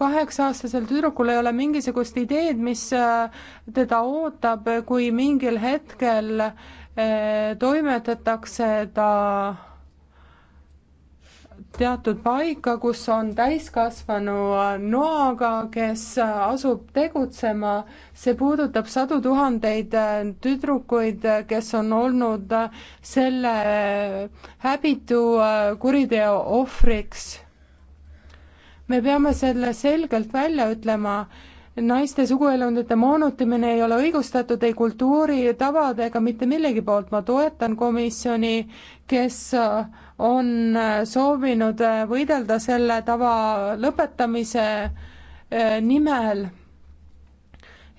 kaheksa-aastasel tüdrukul ei ole mingisugust ideed, mis äh, teda ootab, kui mingil hetkel äh, toimetatakse ta teatud paika, kus on täiskasvanu noaga, kes äh, asub tegutsema. see puudutab sadu tuhandeid tüdrukuid, kes on olnud selle häbitu kuriteo ohvriks me peame selle selgelt välja ütlema, naiste suguelundite moonutamine ei ole õigustatud ei kultuuri, tavade ega mitte millegi poolt, ma toetan komisjoni, kes äh, on äh, soovinud äh, võidelda selle tava lõpetamise nimel.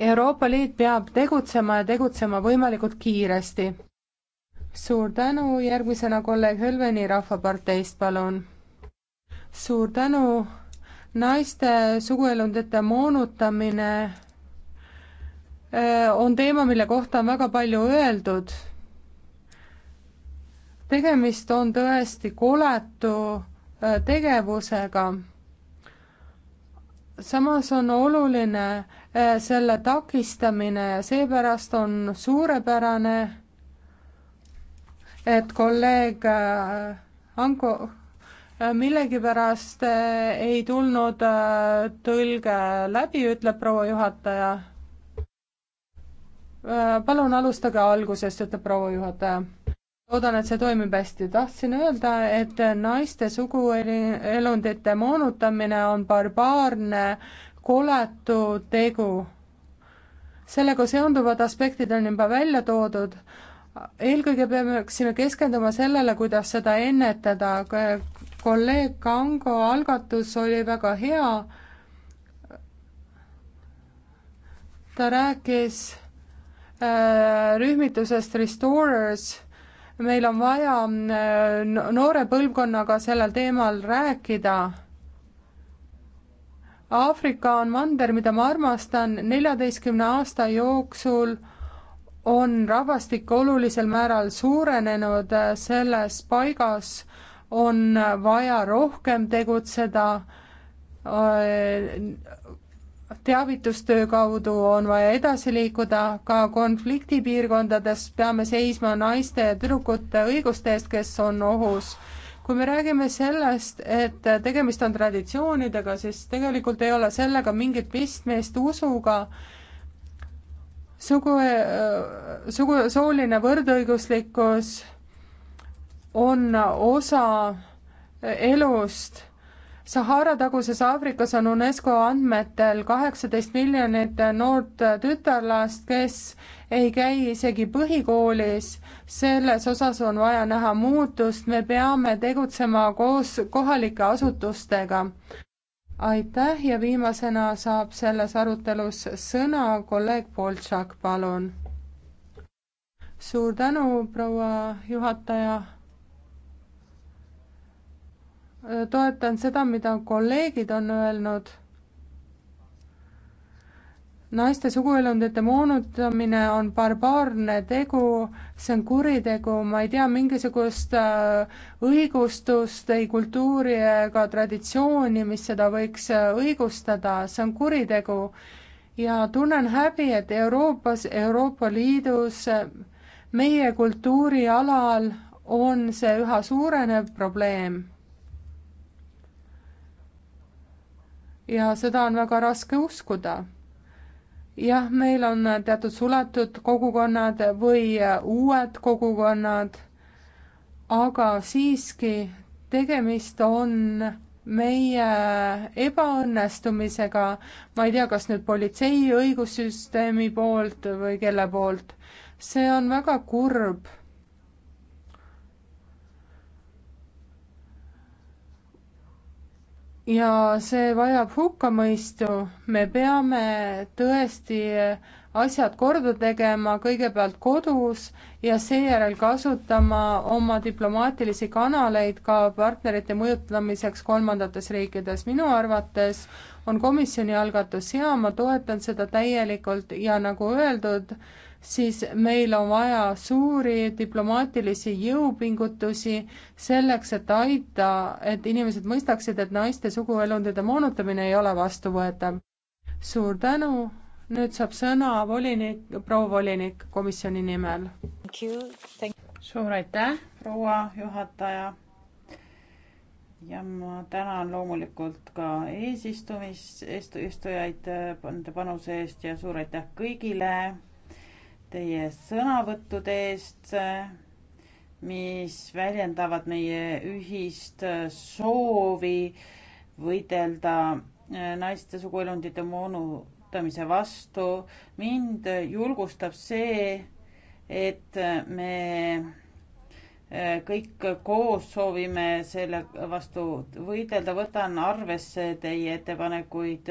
Euroopa Liit peab tegutsema ja tegutsema võimalikult kiiresti. suur tänu, järgmisena kolleeg Helveni Rahvaparteist, palun. suur tänu naiste suguelundite moonutamine äh, on teema, mille kohta on väga palju öeldud. tegemist on tõesti koletu äh, tegevusega. samas on oluline äh, selle takistamine ja seepärast on suurepärane, et kolleeg Anko Äh, millegipärast äh, ei tulnud äh, tõlge läbi, ütleb proua juhataja. palun alustage algusest, ütleb proua juhataja. loodan, et see toimib hästi. tahtsin öelda, et naiste suguelundite moonutamine on barbaarne koletu tegu. sellega seonduvad aspektid on juba välja toodud, eelkõige peaksime keskenduma sellele, kuidas seda ennetada, kolleeg Kango algatus oli väga hea. ta rääkis äh, rühmitusest Restorers, meil on vaja äh, noore põlvkonnaga sellel teemal rääkida Aafrika on mander, mida ma armastan, neljateistkümne aasta jooksul on rahvastik olulisel määral suurenenud äh, selles paigas on vaja rohkem tegutseda äh, teavitustöö kaudu on vaja edasi liikuda, ka konfliktipiirkondades peame seisma naiste ja tüdrukute õiguste eest, kes on ohus. kui me räägime sellest, et tegemist on traditsioonidega, siis tegelikult ei ole sellega mingit pistmist usuga, sugu, äh, sugu, sooline võrdõiguslikkus on osa elust. Sahara-taguses Aafrikas on UNESCO andmetel kaheksateist miljonit noort tütarlast, kes ei käi isegi põhikoolis. selles osas on vaja näha muutust, me peame tegutsema koos kohalike asutustega. aitäh ja viimasena saab selles arutelus sõna kolleeg Boltšak, palun. suur tänu, proua juhataja toetan seda, mida kolleegid on öelnud. naiste suguelundite moonutamine on barbaarne tegu, see on kuritegu, ma ei tea mingisugust äh, õigustust, ei kultuuri ega traditsiooni, mis seda võiks äh, õigustada, see on kuritegu. ja tunnen häbi, et Euroopas, Euroopa Liidus äh, meie kultuurialal on see üha suurenev probleem ja seda on väga raske uskuda. jah, meil on teatud suletud kogukonnad või uued kogukonnad, aga siiski tegemist on meie ebaõnnestumisega, ma ei tea, kas nüüd politsei, õigussüsteemi poolt või kelle poolt, see on väga kurb ja see vajab hukkamõistu, me peame tõesti asjad korda tegema kõigepealt kodus ja seejärel kasutama oma diplomaatilisi kanaleid ka partnerite mõjutamiseks kolmandates riikides. minu arvates on komisjoni algatus hea, ma toetan seda täielikult ja nagu öeldud, siis meil on vaja suuri diplomaatilisi jõupingutusi selleks, et aita, et inimesed mõistaksid, et naiste suguelundide moonutamine ei ole vastuvõetav. suur tänu, nüüd saab sõna volinik, proua volinik komisjoni nimel. suur aitäh, proua juhataja. ja ma tänan loomulikult ka eesistumis, eesistujaid äh, nende panuse eest ja suur aitäh kõigile teie sõnavõttude eest, mis väljendavad meie ühist soovi võidelda äh, naiste suguelundite moonutamise vastu. mind julgustab see, et me kõik koos soovime selle vastu võidelda, võtan arvesse teie ettepanekuid,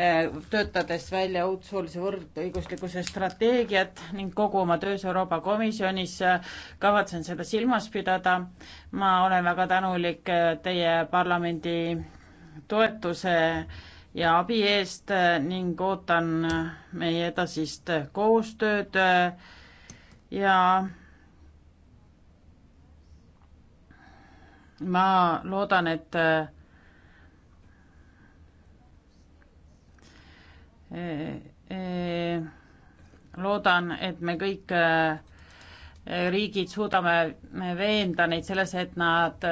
eh, töötades välja uut soolise võrdõiguslikkuse strateegiat ning kogu oma töös Euroopa Komisjonis eh, kavatsen seda silmas pidada. ma olen väga tänulik eh, teie parlamendi toetuse ja abi eest ning ootan meie edasist koostööd ja ma loodan, et e, e, loodan, et me kõik e, riigid suudame veenda neid selles, et nad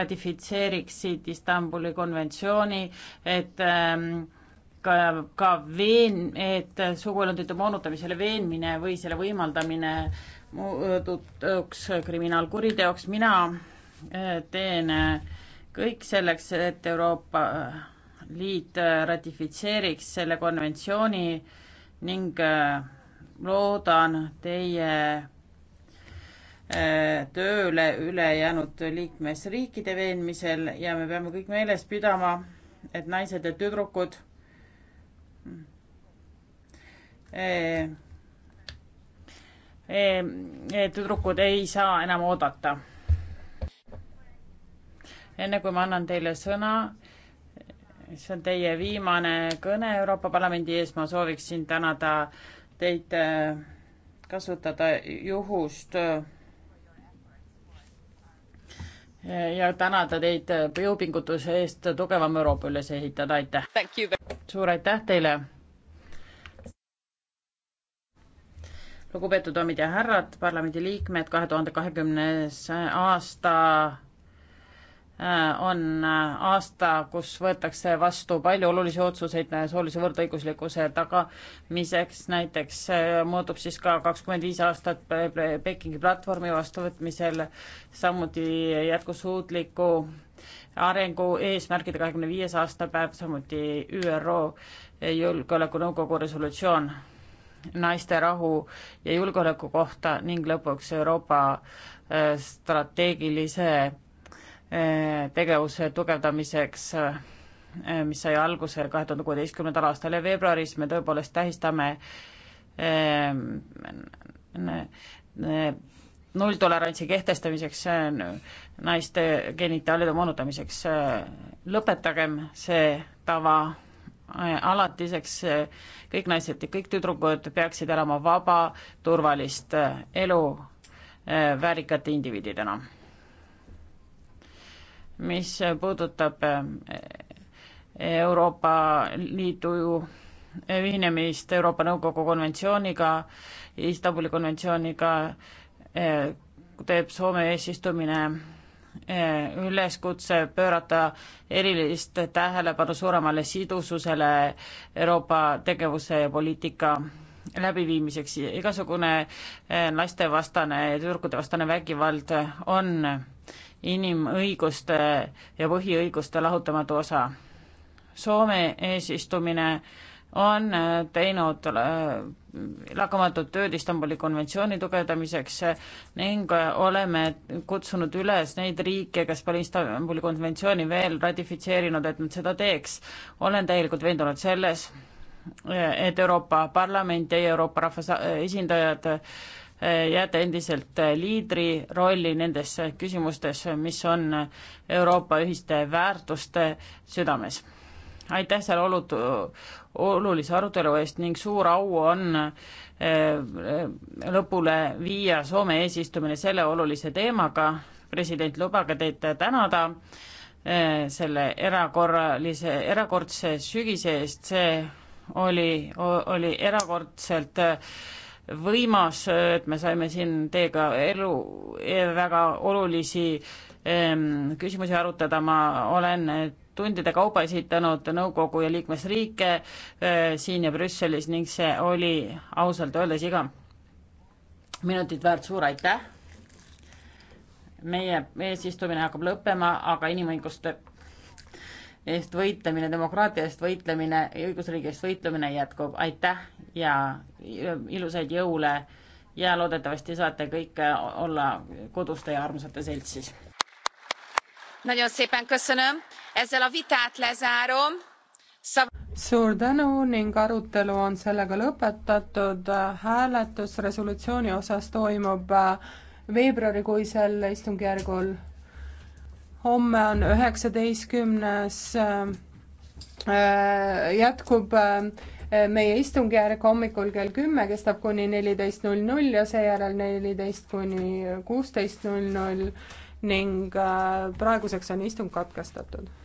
ratifitseeriksid Istanbuli konventsiooni, et ka, ka veen-, et suguelundite moonutamisele veenmine või selle võimaldamine muutuks kriminaalkuriteoks, mina Äh, teen äh, kõik selleks, et Euroopa äh, Liit ratifitseeriks selle konventsiooni ning loodan teie tööle ülejäänud liikmesriikide veenmisel ja me peame kõik meeles pidama, et naised ja tüdrukud tüdrukud ei saa enam oodata enne kui ma annan teile sõna, see on teie viimane kõne Euroopa Parlamendi ees, ma sooviksin tänada teid äh, kasutada juhust äh, ja tänada teid jõupingutuse eest tugevam Euroopa üles ehitada, aitäh! suur aitäh teile! lugupeetud daamid ja härrad, parlamendiliikmed, kahe tuhande kahekümnes aasta Äh, on äh, aasta, kus võetakse vastu palju olulisi otsuseid äh, soolise võrdõiguslikkuse tagamiseks, näiteks muutub siis ka kakskümmend viis aastat Pekingi platvormi vastuvõtmisel, samuti jätkusuutliku arengu eesmärgide kahekümne viies aastapäev, samuti ÜRO Julgeolekunõukogu resolutsioon naiste rahu ja julgeoleku kohta ning lõpuks Euroopa strateegilise tegevuse tugevdamiseks, mis sai alguse kahe tuhande kuueteistkümnendal aastal ja veebruaris me tõepoolest tähistame eh, nulltolerantsi kehtestamiseks eh, naiste genitaalide moonutamiseks. lõpetagem see tava eh, alatiseks, kõik naised ja kõik tüdrukud peaksid elama vaba, turvalist elu väärikate indiviididena mis puudutab eh, Euroopa Liidu ühinemist Euroopa Nõukogu konventsiooniga, Istanbuli konventsiooniga, eh, teeb Soome eesistumine eh, üleskutse pöörata erilist tähelepanu suuremale sidususele Euroopa tegevuse ja poliitika läbiviimiseks, igasugune lastevastane ja tüdrukutevastane vägivald on inimõiguste ja põhiõiguste lahutamatu osa. Soome eesistumine on äh, teinud äh, lakamatut tööd Istanbuli konventsiooni tugevdamiseks äh, ning oleme kutsunud üles neid riike, kes pole Istanbuli konventsiooni veel ratifitseerinud, et nad seda teeks. olen täielikult veendunud selles, et Euroopa Parlament ja Euroopa rahva esindajad jääda endiselt liidri rolli nendes küsimustes, mis on Euroopa ühiste väärtuste südames. aitäh selle olud-, olulise arutelu eest ning suur au on eh, lõpule viia Soome eesistumine selle olulise teemaga, president, lubage teid tänada eh, selle erakorralise, erakordse sügise eest, see oli, oli erakordselt eh, võimas, et me saime siin teiega elu väga olulisi ehm, küsimusi arutada, ma olen tundide kaupa esitanud nõukogu ja liikmesriike eh, siin ja Brüsselis ning see oli ausalt öeldes iga minutit väärt, suur aitäh! meie eesistumine hakkab lõppema, aga inimõiguste eest võitlemine, demokraatia eest võitlemine ja õigusriigi eest võitlemine jätkub, aitäh ja ilusaid jõule ja loodetavasti saate kõik olla koduste ja armsate seltsis. suur tänu ning arutelu on sellega lõpetatud. hääletus resolutsiooni osas toimub äh, veebruarikuisel istungjärgul. homme on üheksateistkümnes äh, äh, jätkub Äh, meie istungjärg hommikul kell kümme kestab kuni neliteist null null ja seejärel neliteist kuni kuusteist null null ning äh, praeguseks on istung katkestatud.